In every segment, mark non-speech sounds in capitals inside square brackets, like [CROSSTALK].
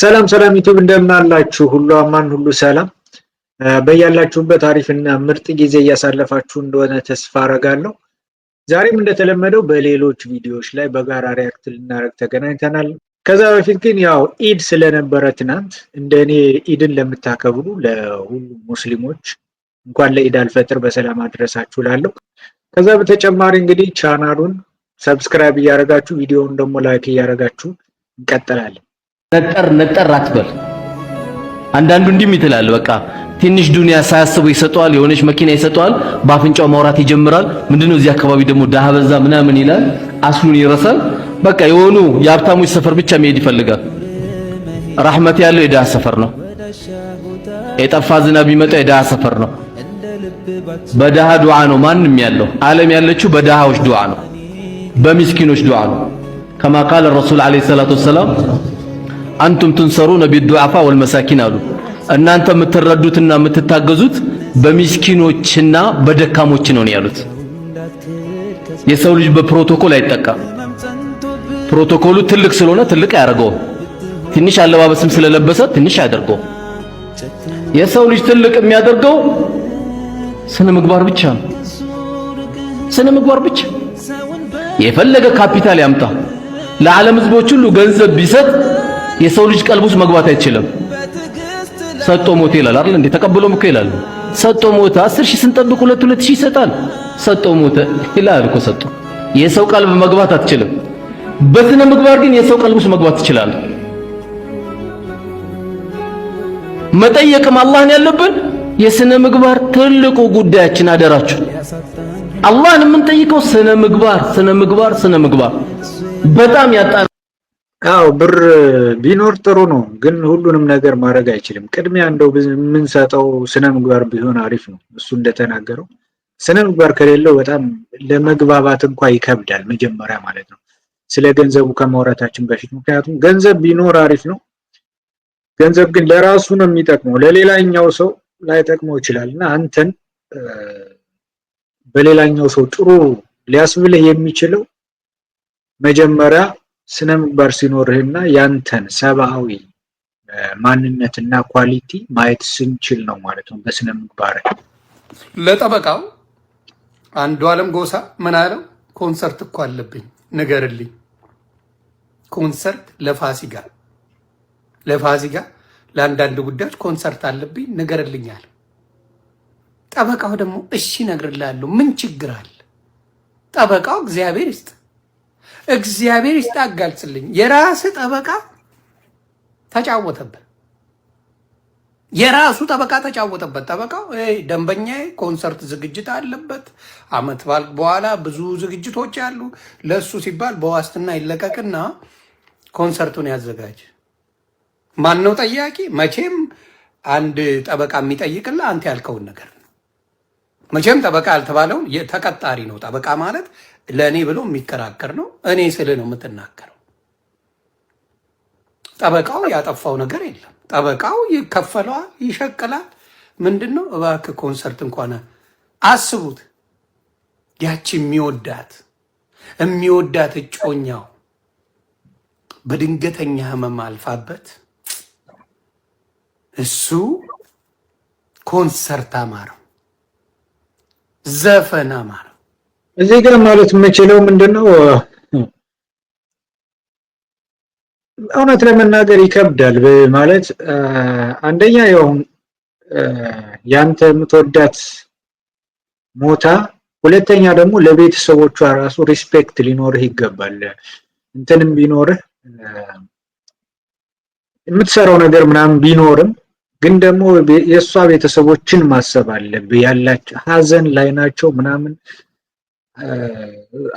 ሰላም ሰላም ዩቲዩብ እንደምን አላችሁ? ሁሉ አማን፣ ሁሉ ሰላም በያላችሁበት አሪፍና ምርጥ ጊዜ እያሳለፋችሁ እንደሆነ ተስፋ አረጋለሁ። ዛሬም እንደተለመደው በሌሎች ቪዲዮዎች ላይ በጋራ ሪያክት ልናደርግ ተገናኝተናል። ከዛ በፊት ግን ያው ኢድ ስለነበረ ትናንት እንደ እኔ ኢድን ለምታከብሩ ለሁሉም ሙስሊሞች እንኳን ለኢድ አልፈጥር በሰላም አድረሳችሁ ላለሁ። ከዛ በተጨማሪ እንግዲህ ቻናሉን ሰብስክራይብ እያደረጋችሁ ቪዲዮውን ደግሞ ላይክ እያደረጋችሁ እንቀጥላለን። ነጠር ነጠር አትበል። አንዳንዱ እንዲህ ይትላል፣ በቃ ትንሽ ዱንያ ሳያስበው ይሰጠዋል፣ የሆነች መኪና ይሰጠዋል፣ በአፍንጫው ማውራት ይጀምራል። ምንድነው እዚህ አካባቢ ደግሞ ደሃ በዛ ምናምን ይላል፣ አስሉን ይረሳል። በቃ የሆኑ የሀብታሞች ሰፈር ብቻ መሄድ ይፈልጋል። ራህመት ያለው የደሃ ሰፈር ነው። የጠፋ ዝናብ ቢመጣ የደሃ ሰፈር ነው። በዳህ ዱዓ ነው ማንም ያለው። ዓለም ያለችው በዳሃዎች ዱዓ ነው፣ በሚስኪኖች ዱዓ ነው። ከማ ቃለ ረሱል ዓለይሂ ሰላቱ ወሰላም አንቱም ትንሰሩነ ቢዱዓፋ ወልመሳኪን አሉ። እናንተ የምትረዱትና የምትታገዙት በሚስኪኖችና በደካሞች ነው ያሉት። የሰው ልጅ በፕሮቶኮል አይጠቃም። ፕሮቶኮሉ ትልቅ ስለሆነ ትልቅ አያደርገውም። ትንሽ አለባበስም ስለለበሰ ትንሽ አያደርገውም። የሰው ልጅ ትልቅ የሚያደርገው ስነ ምግባር ብቻ ነው። ስነ ምግባር ብቻ። የፈለገ ካፒታል ያምጣ፣ ለዓለም ህዝቦች ሁሉ ገንዘብ ቢሰጥ የሰው ልጅ ቀልብ ውስጥ መግባት አይችልም። ሰጦ ሞት ይላል አይደል እንዴ? ተቀብሎም እኮ ይላል። ሰጦ ሞተ አስር ሺህ ስንጠብቅ ሁለት ሁለት ሺህ ይሰጣል። ሰጦ ሞተ ይላል እኮ ሰጦ። የሰው ቀልብ መግባት አትችልም። በስነ ምግባር ግን የሰው ቀልብ ውስጥ መግባት ትችላለህ። መጠየቅም አላህን ያለብን የስነ ምግባር ትልቁ ጉዳያችን። አደራችሁ አላህን የምንጠይቀው ስነ ምግባር ስነ ምግባር ስነ ምግባር በጣም ያጣ አዎ ብር ቢኖር ጥሩ ነው፣ ግን ሁሉንም ነገር ማድረግ አይችልም። ቅድሚያ እንደው የምንሰጠው ስነ ምግባር ቢሆን አሪፍ ነው። እሱ እንደተናገረው ስነ ምግባር ከሌለው በጣም ለመግባባት እንኳ ይከብዳል፣ መጀመሪያ ማለት ነው። ስለ ገንዘቡ ከማውራታችን በፊት ምክንያቱም ገንዘብ ቢኖር አሪፍ ነው። ገንዘብ ግን ለራሱ ነው የሚጠቅመው፣ ለሌላኛው ሰው ላይጠቅመው ይችላል እና አንተን በሌላኛው ሰው ጥሩ ሊያስብልህ የሚችለው መጀመሪያ ስነ ምግባር ሲኖርህና ያንተን ሰብአዊ ማንነትና ኳሊቲ ማየት ስንችል ነው ማለት ነው። በስነ ምግባር ለጠበቃው አንዱ አለም ጎሳ ምን አለው? ኮንሰርት እኮ አለብኝ ንገርልኝ። ኮንሰርት ለፋሲጋ ለፋሲጋ ለአንዳንድ ጉዳዮች ኮንሰርት አለብኝ ንገርልኝ አለ። ጠበቃው ደግሞ እሺ እነግርልሃለሁ ምን ችግር አለ? ጠበቃው እግዚአብሔር ይስጥ እግዚአብሔር ይስታጋልጽልኝ። አጋልጽልኝ። የራስህ ጠበቃ ተጫወተበት፣ የራሱ ጠበቃ ተጫወተበት። ጠበቃው ደንበኛ ኮንሰርት ዝግጅት አለበት፣ አመት ባልክ በኋላ ብዙ ዝግጅቶች አሉ። ለእሱ ሲባል በዋስትና ይለቀቅና ኮንሰርቱን ያዘጋጅ። ማን ነው ጠያቂ? መቼም አንድ ጠበቃ የሚጠይቅላ አንተ ያልከውን ነገር ነው። መቼም ጠበቃ ያልተባለውን ተቀጣሪ ነው ጠበቃ ማለት ለእኔ ብሎ የሚከራከር ነው። እኔ ስል ነው የምትናገረው። ጠበቃው ያጠፋው ነገር የለም። ጠበቃው ይከፈለዋል፣ ይሸቅላል። ምንድን ነው እባክህ ኮንሰርት እንኳን አስቡት። ያቺ የሚወዳት የሚወዳት እጮኛው በድንገተኛ ህመም አልፋበት እሱ ኮንሰርት አማረው፣ ዘፈን አማረው። እዚህ ጋር ማለት የምችለው ምንድነው ነው፣ እውነት ለመናገር ይከብዳል ማለት አንደኛ ያው ያንተ የምትወዳት ሞታ፣ ሁለተኛ ደግሞ ለቤተሰቦቿ ራሱ ሪስፔክት ሊኖርህ ይገባል። እንትንም ቢኖርህ የምትሰራው ነገር ምናምን ቢኖርም ግን ደግሞ የእሷ ቤተሰቦችን ማሰብ አለብህ። ያላቸው ሀዘን ላይ ናቸው ምናምን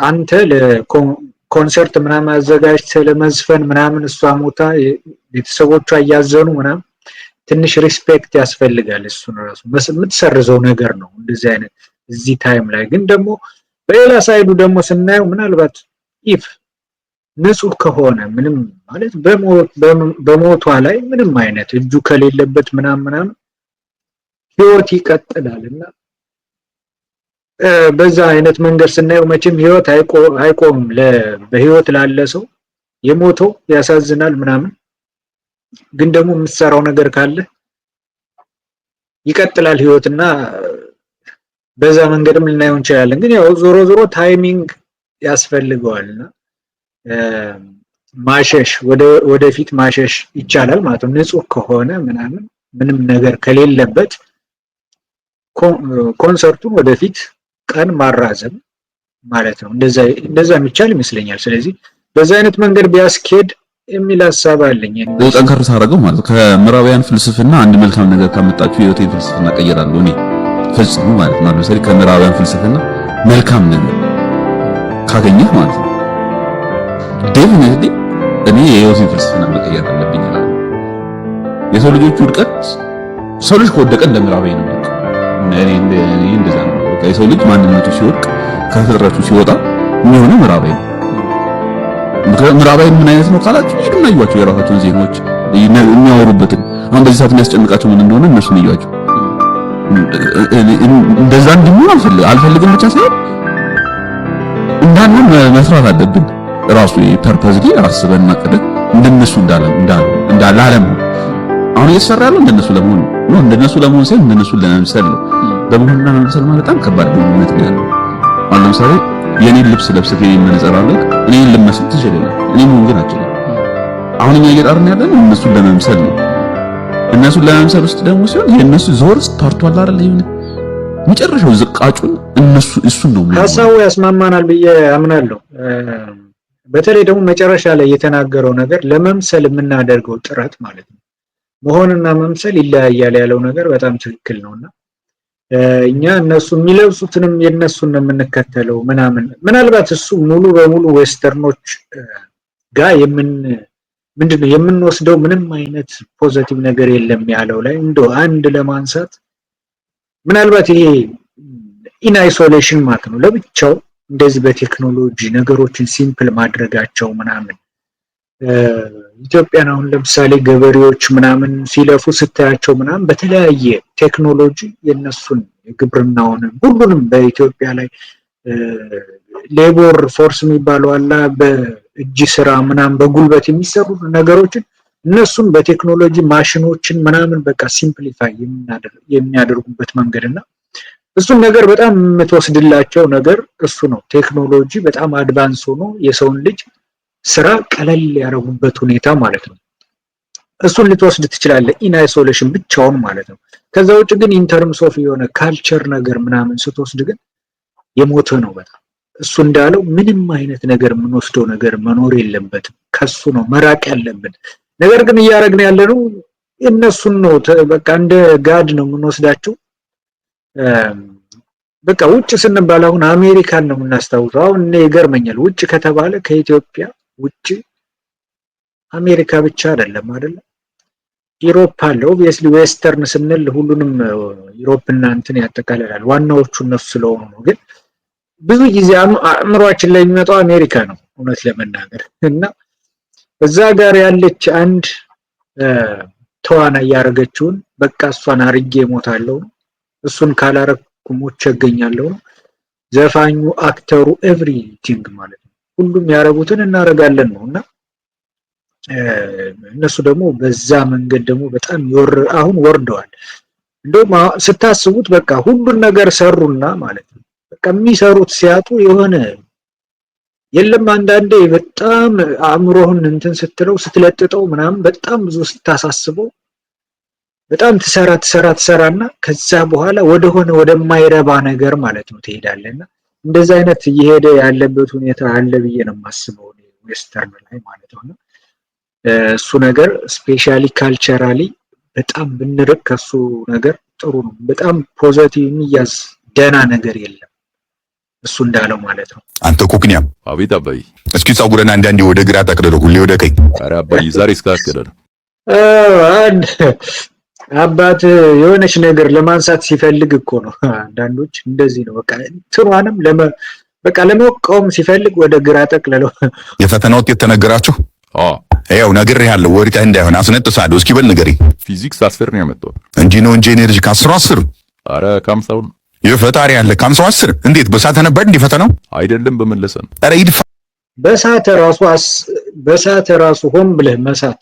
አንተ ለኮንሰርት ምናምን አዘጋጅተህ ለመዝፈን ምናምን እሷ ሞታ ቤተሰቦቿ እያዘኑ ምናምን ትንሽ ሪስፔክት ያስፈልጋል። እሱን ራሱ የምትሰርዘው ነገር ነው እንደዚህ አይነት እዚህ ታይም ላይ ግን ደግሞ በሌላ ሳይዱ ደግሞ ስናየው ምናልባት ኢፍ ንጹህ ከሆነ ምንም ማለት በሞቷ ላይ ምንም አይነት እጁ ከሌለበት ምናምን ምናምን ህይወት ይቀጥላል እና በዛ አይነት መንገድ ስናየው መቼም ህይወት አይቆምም። በህይወት ላለ ሰው የሞተው ያሳዝናል ምናምን፣ ግን ደግሞ የምትሰራው ነገር ካለ ይቀጥላል ህይወት እና በዛ መንገድም ልናየው እንችላለን። ግን ያው ዞሮ ዞሮ ታይሚንግ ያስፈልገዋል እና ማሸሽ ወደፊት ማሸሽ ይቻላል ማለት ነው። ንጹህ ከሆነ ምናምን ምንም ነገር ከሌለበት ኮንሰርቱን ወደፊት ቀን ማራዘም ማለት ነው። እንደዛ የሚቻል ይመስለኛል። ስለዚህ በዛ አይነት መንገድ ቢያስኬድ የሚል ሀሳብ አለኝ። ጠንከር ሳደርገው ማለት ከምዕራባውያን ፍልስፍና አንድ መልካም ነገር ካመጣችሁ የህይወት ፍልስፍና ቀይራለሁ እኔ ፈጽሙ ማለት ነው። ለምሳሌ ከምዕራባውያን ፍልስፍና መልካም ነገር ካገኘህ ማለት ነው ዴፍኒትሊ እኔ የህይወት ፍልስፍና መቀየር አለብኝ የሰው ልጆች ውድቀት ሰው ልጅ ከወደቀ እንደ ምዕራባዊ ነው። እኔ እንደዛ በቃ የሰው ልጅ ማንነቱ ሲወድቅ ከፍጥረቱ ሲወጣ የሚሆነው ምዕራባዊ ነው። ምዕራባዊ ምን አይነት ነው ካላችሁ ሄዱና እዩዋቸው የራሳቸውን ዜናዎች የሚያወሩበትን አሁን በዚህ ሰዓት የሚያስጨንቃቸው ምን እንደሆነ እነሱን እዩዋቸው። እንደዛ እንድንሆን አልፈልግ አልፈልግም ብቻ ሳይሆን እንዳንም መስራት አለብን። ራሱ ፐርፐዝ ላይ አስበን ማቀደቅ እንደነሱ እንዳለ እንዳለ እንዳለ አለም አሁን እየተሰራ ያለው እንደነሱ ለመሆን ነው። እንደነሱ ለመሆን ሳይሆን እንደነሱ ለመምሰል ነው። ደብሮና መምሰል ማለት በጣም ከባድ ግንኙነት ነው ያለው። አሁን ለምሳሌ የኔን ልብስ ለብሰህ የኔን መነጽር አለህ እኔን ልመስል ትችላለህ፣ እኔ ምን ግን አልችልም። አሁን እኛ እየጣርን ያለን እነሱን ለመምሰል ነው። እነሱን ለመምሰል ውስጥ ደግሞ ሲሆን የእነሱ ዞር ስታርቷል አይደል ይሁን መጨረሻው ዝቃጩን እነሱ እሱን ነው ሀሳቡ ያስማማናል ብዬ አምናለሁ። በተለይ ደግሞ መጨረሻ ላይ የተናገረው ነገር ለመምሰል የምናደርገው ጥረት ማለት ነው። መሆንና መምሰል ይለያያል ያለው ነገር በጣም ትክክል ነውና እኛ እነሱ የሚለብሱትንም የነሱን ነው የምንከተለው ምናምን። ምናልባት እሱ ሙሉ በሙሉ ዌስተርኖች ጋር የምን ምንድን ነው የምንወስደው ምንም አይነት ፖዘቲቭ ነገር የለም ያለው ላይ እንደ አንድ ለማንሳት ምናልባት ይሄ ኢን አይሶሌሽን ማለት ነው ለብቻው እንደዚህ በቴክኖሎጂ ነገሮችን ሲምፕል ማድረጋቸው ምናምን ኢትዮጵያን አሁን ለምሳሌ ገበሬዎች ምናምን ሲለፉ ስታያቸው ምናምን በተለያየ ቴክኖሎጂ የነሱን የግብርናውንም ሁሉንም በኢትዮጵያ ላይ ሌቦር ፎርስ የሚባለው አላ በእጅ ስራ ምናምን በጉልበት የሚሰሩ ነገሮችን እነሱን በቴክኖሎጂ ማሽኖችን ምናምን በቃ ሲምፕሊፋይ የሚያደርጉበት መንገድ እና እሱን ነገር በጣም የምትወስድላቸው ነገር እሱ ነው። ቴክኖሎጂ በጣም አድቫንስ ሆኖ የሰውን ልጅ ስራ ቀለል ያደረጉበት ሁኔታ ማለት ነው። እሱን ልትወስድ ትችላለህ፣ ኢን አይሶሌሽን ብቻውን ማለት ነው። ከዛ ውጭ ግን ኢንተርምስ ኦፍ የሆነ ካልቸር ነገር ምናምን ስትወስድ ግን የሞተ ነው በጣም እሱ እንዳለው ምንም አይነት ነገር የምንወስደው ነገር መኖር የለበትም። ከሱ ነው መራቅ ያለብን። ነገር ግን እያደረግን ያለነው እነሱን ነው። በቃ እንደ ጋድ ነው የምንወስዳቸው። በቃ ውጭ ስንባል አሁን አሜሪካን ነው የምናስታውሰው። አሁን እኔ ይገርመኛል ውጭ ከተባለ ከኢትዮጵያ ውጭ አሜሪካ ብቻ አይደለም አይደለ? ኢሮፕ አለ። ኦብቪየስሊ ዌስተርን ስንል ሁሉንም ኢሮፕ እና እንትን ያጠቃልላል። ዋናዎቹ እነሱ ስለሆኑ ነው። ግን ብዙ ጊዜ አእምሯችን ላይ የሚመጣው አሜሪካ ነው እውነት ለመናገር እና እዛ ጋር ያለች አንድ ተዋና እያደረገችውን በቃ እሷን አርጌ ሞታለው ነው እሱን ካላረኩ ሞቼ እገኛለሁ ነው ዘፋኙ፣ አክተሩ፣ ኤቭሪቲንግ ማለት ነው። ሁሉም ያደረጉትን እናደርጋለን ነው እና እነሱ ደግሞ በዛ መንገድ ደግሞ በጣም አሁን ወርደዋል። እንደውም ስታስቡት በቃ ሁሉን ነገር ሰሩና ማለት ነው በቃ የሚሰሩት ሲያጡ የሆነ የለም አንዳንዴ በጣም አእምሮህን እንትን ስትለው ስትለጥጠው ምናምን በጣም ብዙ ስታሳስበው በጣም ትሰራ ትሰራ ትሰራና ከዛ በኋላ ወደሆነ ወደማይረባ ነገር ማለት ነው ትሄዳለና እንደዚህ አይነት እየሄደ ያለበት ሁኔታ አለ ብዬ ነው የማስበው ዌስተርን ላይ ማለት ነው። እሱ ነገር ስፔሻሊ ካልቸራሊ በጣም ብንርቅ ከሱ ነገር ጥሩ ነው። በጣም ፖዘቲቭ የሚያዝ ደህና ነገር የለም እሱ እንዳለው ማለት ነው። አንተ ኩክኒያም፣ አቤት አባይ። እስኪ ጸጉረን አንዳንዴ ወደ ግራ ጠቅልለው፣ ሁሌ ወደ ቀኝ። ኧረ አባይ ዛሬ እስካስገደ ነው አባት የሆነች ነገር ለማንሳት ሲፈልግ እኮ ነው። አንዳንዶች እንደዚህ ነው። በቃ ትሯንም በቃ ለመቆም ሲፈልግ ወደ ግራ ጠቅልለው የፈተና ውጤት ተነገራችሁ። ያው ነግሬሃለሁ፣ ወሪታ እንዳይሆን አስነጥሳለሁ። እስኪ በል ንገሪ። ፊዚክስ አስር ነው ያመጣው እንጂ ነው እንጂ እኔ ከአስሩ አስር አረ ከአምሳው የፈጣሪ ያለ ከአምሳው አስር እንዴት በሳተ ነበር እንዲህ ፈተናው አይደለም በመለሰ ነው። አረ ይድፋ በሳተ ራሱ በሳተ ራሱ ሆን ብለህ መሳት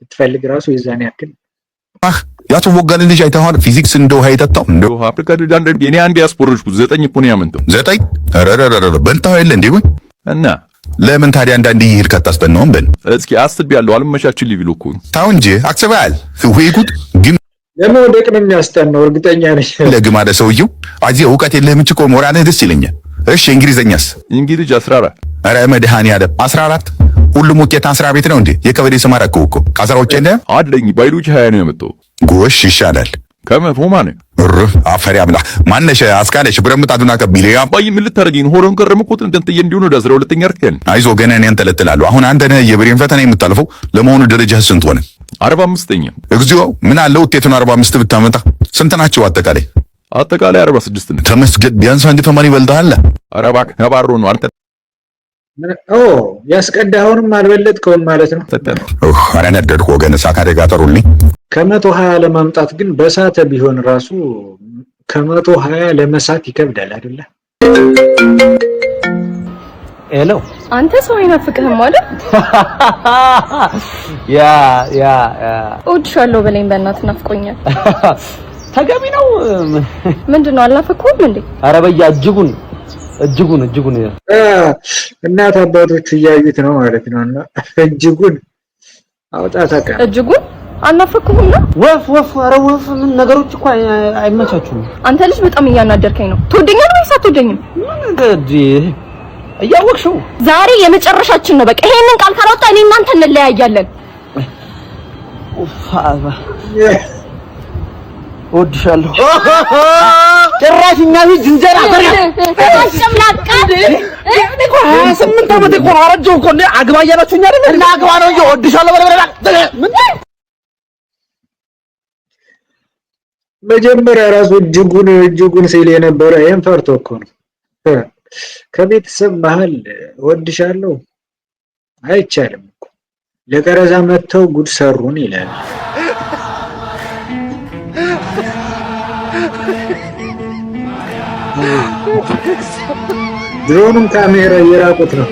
ብትፈልግ ራሱ የዛን ያክል የአቶ ቦጋለ ልጅ አይተኸዋል? ፊዚክስ እንደ ውሃ የጠጣው እንደ ውሃ አፍሪካ እኔ አንድ ያስቦረጅኩት ዘጠኝ እኮ ነው ያመንተው ዘጠኝ ረረረረ በንታው የለ እንዴ ወይ እና ለምን ታዲያ አንዳንዴ ይሄድ ካታስጠናውም በል እስኪ አስብ ያለው አልመቻችን ሊቪል እኮ ታው እንጂ አክሰባል ወይ ጉድ ግን ለመውደቅ ነው የሚያስጠናው። እርግጠኛ ነሽ? ለግማደ ሰውየው አዚ እውቀት የለህም እንጂ እኮ ሞራልህ ደስ ይለኛል። እሺ እንግሊዘኛስ? እንግሊዝ 14 አረ መድሃኒ 14 ሁሉም ውጤት ስራ ቤት ነው እንዴ? የቀበሌ ስም አደረገው እኮ ካሰራዎች እንደ አለኝ ባይዶች ሀያ ነው ያመጣው። ጎሽ ይሻላል። ከመፎ ማነ ር አፈሪ አምላ ማነሽ አስካለሽ ብረምት አዱና ከቢለ ያ ባይ ምን ልታረጊ ነው? ሆሮን ከረም እኮ እንትን እንዲሆን ወደ አስራ ሁለተኛ አርከን አይዞ ገና እኔን ተለጥላለሁ። አሁን አንተ ነህ የብሬን ፈተና የምታልፈው። ለመሆኑ ደረጃ ስንት ሆነ? አርባ አምስተኛ እግዚኦ ምን አለ ውጤቱን አርባ አምስት ብታመጣ ስንት ናቸው አጠቃላይ? አጠቃላይ አርባ ስድስት ነው። ተመስገን ቢያንስ አንድ ተማሪ በልተሃል። አረባ ከባሮ ነው አንተ ያስቀዳኸውንም አልበለጥከውም ማለት ነው። ኧረ ነደድኩ ወገን፣ እሳት አደጋ ጠሩልኝ። ከመቶ ሀያ ለማምጣት ግን በሳተ ቢሆን ራሱ ከመቶ ሀያ ለመሳት ይከብዳል አይደለ? ሄሎ አንተ ሰው አይናፍቅህም ማለት [LAUGHS] ያ ያ እወድሻለሁ በለኝ። በእናትህ ናፍቆኛል። [LAUGHS] ተገቢ ነው። ምንድን ነው አልናፈኩም እንዴ? አረበያ እጅጉን እጅጉን እጅጉን እናት አባቶቹ እያዩት ነው ማለት ነው። እና እጅጉን አውጣታ ቀን እጅጉን አናፈክሁም ነው። ወፍ ወፍ፣ አረ ወፍ ምን ነገሮች እኮ አይመቻችሁም። አንተ ልጅ በጣም እያናደርከኝ ነው። ትወደኛል ወይስ አትወደኝም? ምን እያወቅሽው ዛሬ የመጨረሻችን ነው። በቃ ይሄንን ቃል ካላወጣ እኔ እናንተ እንለያያለን። ኡፋ ወድሻለሁ። ጭራሽ እኛ ልጅ ዝንጀራ በሬ ስምንት ዓመት እኮ ነው። እኮ እና አግባ ነው እንጂ መጀመሪያ ራሱ እጅጉን እጅጉን ሲል የነበረ ይሄም ፈርቶ እኮ ነው። ከቤተሰብ መሀል እወድሻለሁ አይቻልም እኮ ለቀረዛ መጥተው ጉድ ሰሩን ይላል። ድሮኑም ካሜራ እየራቁት ነው።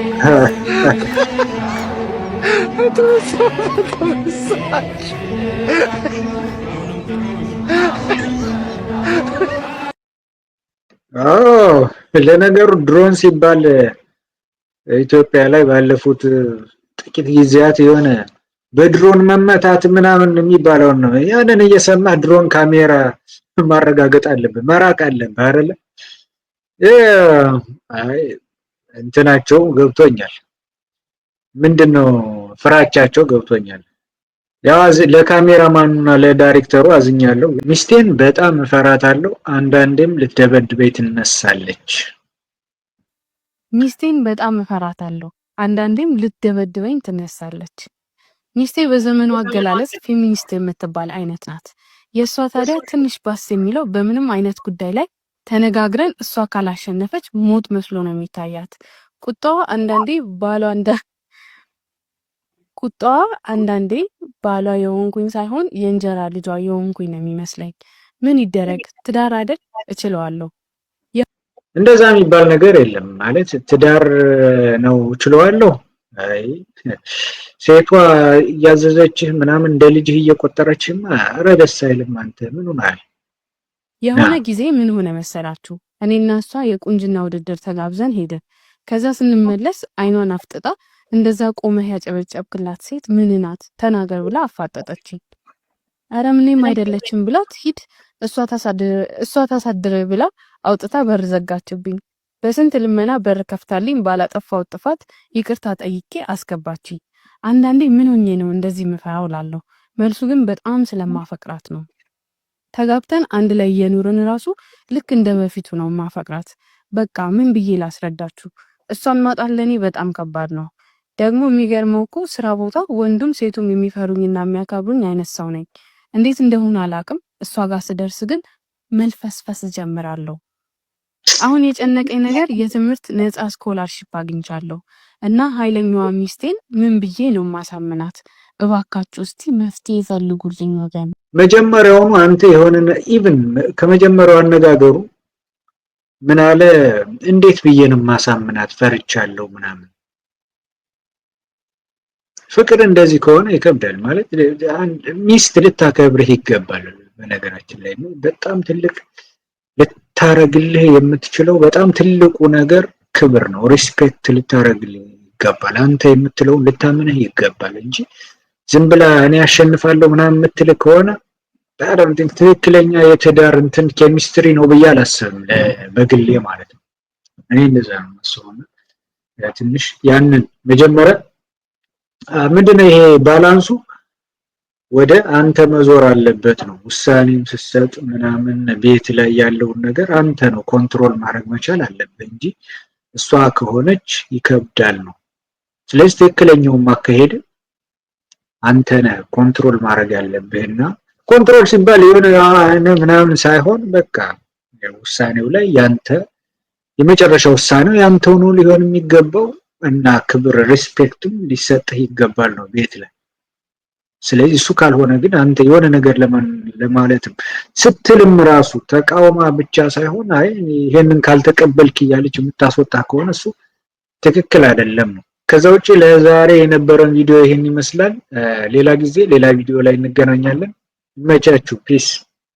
ለነገሩ ድሮን ሲባል ኢትዮጵያ ላይ ባለፉት ጥቂት ጊዜያት የሆነ በድሮን መመታት ምናምን የሚባለውን ነው። ያንን እየሰማህ ድሮን ካሜራ ማረጋገጥ አለብህ፣ መራቅ አለብህ አይደለ? እንትናቸው ገብቶኛል። ምንድን ነው ፍራቻቸው ገብቶኛል። ያው ለካሜራማኑና ለዳይሬክተሩ አዝኛለሁ። ሚስቴን በጣም እፈራታለሁ። አንዳንዴም ልትደበድበኝ ትነሳለች። ሚስቴን በጣም እፈራታለሁ። አንዳንዴም ልትደበድበኝ ትነሳለች። ሚስቴ በዘመኑ አገላለጽ ፌሚኒስት የምትባል አይነት ናት። የእሷ ታዲያ ትንሽ ባስ የሚለው በምንም አይነት ጉዳይ ላይ ተነጋግረን እሷ ካላሸነፈች ሞት መስሎ ነው የሚታያት። ቁጣዋ አንዳንዴ ባሏ እንደ [LAUGHS] ቁጣዋ አንዳንዴ ባሏ የሆንኩኝ ሳይሆን የእንጀራ ልጇ የሆንኩኝ ነው የሚመስለኝ። ምን ይደረግ ትዳር አይደል? እችለዋለሁ። እንደዛ የሚባል ነገር የለም ማለት ትዳር ነው እችለዋለሁ። ሴቷ እያዘዘችህ ምናምን እንደ ልጅህ እየቆጠረችህማ ኧረ ደስ አይልም። አንተ ምን ሆነሃል? የሆነ ጊዜ ምን ሆነ መሰላችሁ? እኔና እሷ የቁንጅና ውድድር ተጋብዘን ሄደ። ከዛ ስንመለስ አይኗን አፍጥጣ እንደዛ ቆመህ ያጨበጨብክላት ሴት ምንናት ተናገር ብላ አፋጠጠችኝ። አረ ምንም አይደለችም ብላት ሂድ እሷ ታሳድር ብላ አውጥታ በር ዘጋችብኝ። በስንት ልመና በር ከፍታልኝ ባላጠፋው ጥፋት ይቅርታ ጠይቄ አስገባችኝ። አንዳንዴ ምን ሆኜ ነው እንደዚህ ምፈራው ላለሁ፣ መልሱ ግን በጣም ስለማፈቅራት ነው። ተጋብተን አንድ ላይ እየኖርን ራሱ ልክ እንደ በፊቱ ነው ማፈቅራት። በቃ ምን ብዬ ላስረዳችሁ? እሷን ማጣት ለእኔ በጣም ከባድ ነው። ደግሞ የሚገርመው እኮ ስራ ቦታ ወንዱም ሴቱም የሚፈሩኝና የሚያከብሩኝ አይነት ሰው ነኝ። እንዴት እንደሆነ አላቅም። እሷ ጋር ስደርስ ግን መልፈስፈስ ጀምራለሁ። አሁን የጨነቀኝ ነገር የትምህርት ነፃ ስኮላርሽፕ አግኝቻለሁ እና ኃይለኛዋ ሚስቴን ምን ብዬ ነው ማሳምናት? እባካችሁ እስቲ መፍትሄ ፈልጉልኝ ወገን። መጀመሪያውኑ አንተ የሆነ ኢቭን ከመጀመሪያው አነጋገሩ ምን አለ፣ እንዴት ብዬንም ማሳምናት ፈርቻለሁ ምናምን። ፍቅር እንደዚህ ከሆነ ይከብዳል ማለት ሚስት ልታከብርህ ይገባል። በነገራችን ላይ በጣም ትልቅ ልታረግልህ የምትችለው በጣም ትልቁ ነገር ክብር ነው። ሪስፔክት ልታረግልህ ይገባል። አንተ የምትለውን ልታምንህ ይገባል እንጂ ዝም ብላ እኔ አሸንፋለሁ ምናምን የምትል ከሆነ ትክክለኛ የትዳር እንትን ኬሚስትሪ ነው ብዬ አላሰብም፣ በግሌ ማለት ነው። እኔ እንደዛ ነው ትንሽ ያንን መጀመሪያ ምንድነው ይሄ ባላንሱ ወደ አንተ መዞር አለበት ነው። ውሳኔም ስትሰጥ ምናምን ቤት ላይ ያለውን ነገር አንተ ነው ኮንትሮል ማድረግ መቻል አለበት እንጂ እሷ ከሆነች ይከብዳል ነው። ስለዚህ ትክክለኛውም አካሄድ አንተ ነህ ኮንትሮል ማድረግ ያለብህና ኮንትሮል ሲባል የሆነ ምናምን ሳይሆን በቃ ውሳኔው ላይ ያንተ የመጨረሻ ውሳኔው ያንተ ሆኖ ሊሆን የሚገባው እና ክብር ሪስፔክቱም ሊሰጥህ ይገባል ነው ቤት ላይ። ስለዚህ እሱ ካልሆነ ግን አንተ የሆነ ነገር ለማለትም ስትልም ራሱ ተቃውማ ብቻ ሳይሆን አይ ይሄንን ካልተቀበልክ እያለች የምታስወጣ ከሆነ እሱ ትክክል አይደለም ነው። ከዛ ውጭ ለዛሬ የነበረን ቪዲዮ ይሄን ይመስላል። ሌላ ጊዜ ሌላ ቪዲዮ ላይ እንገናኛለን። major to peace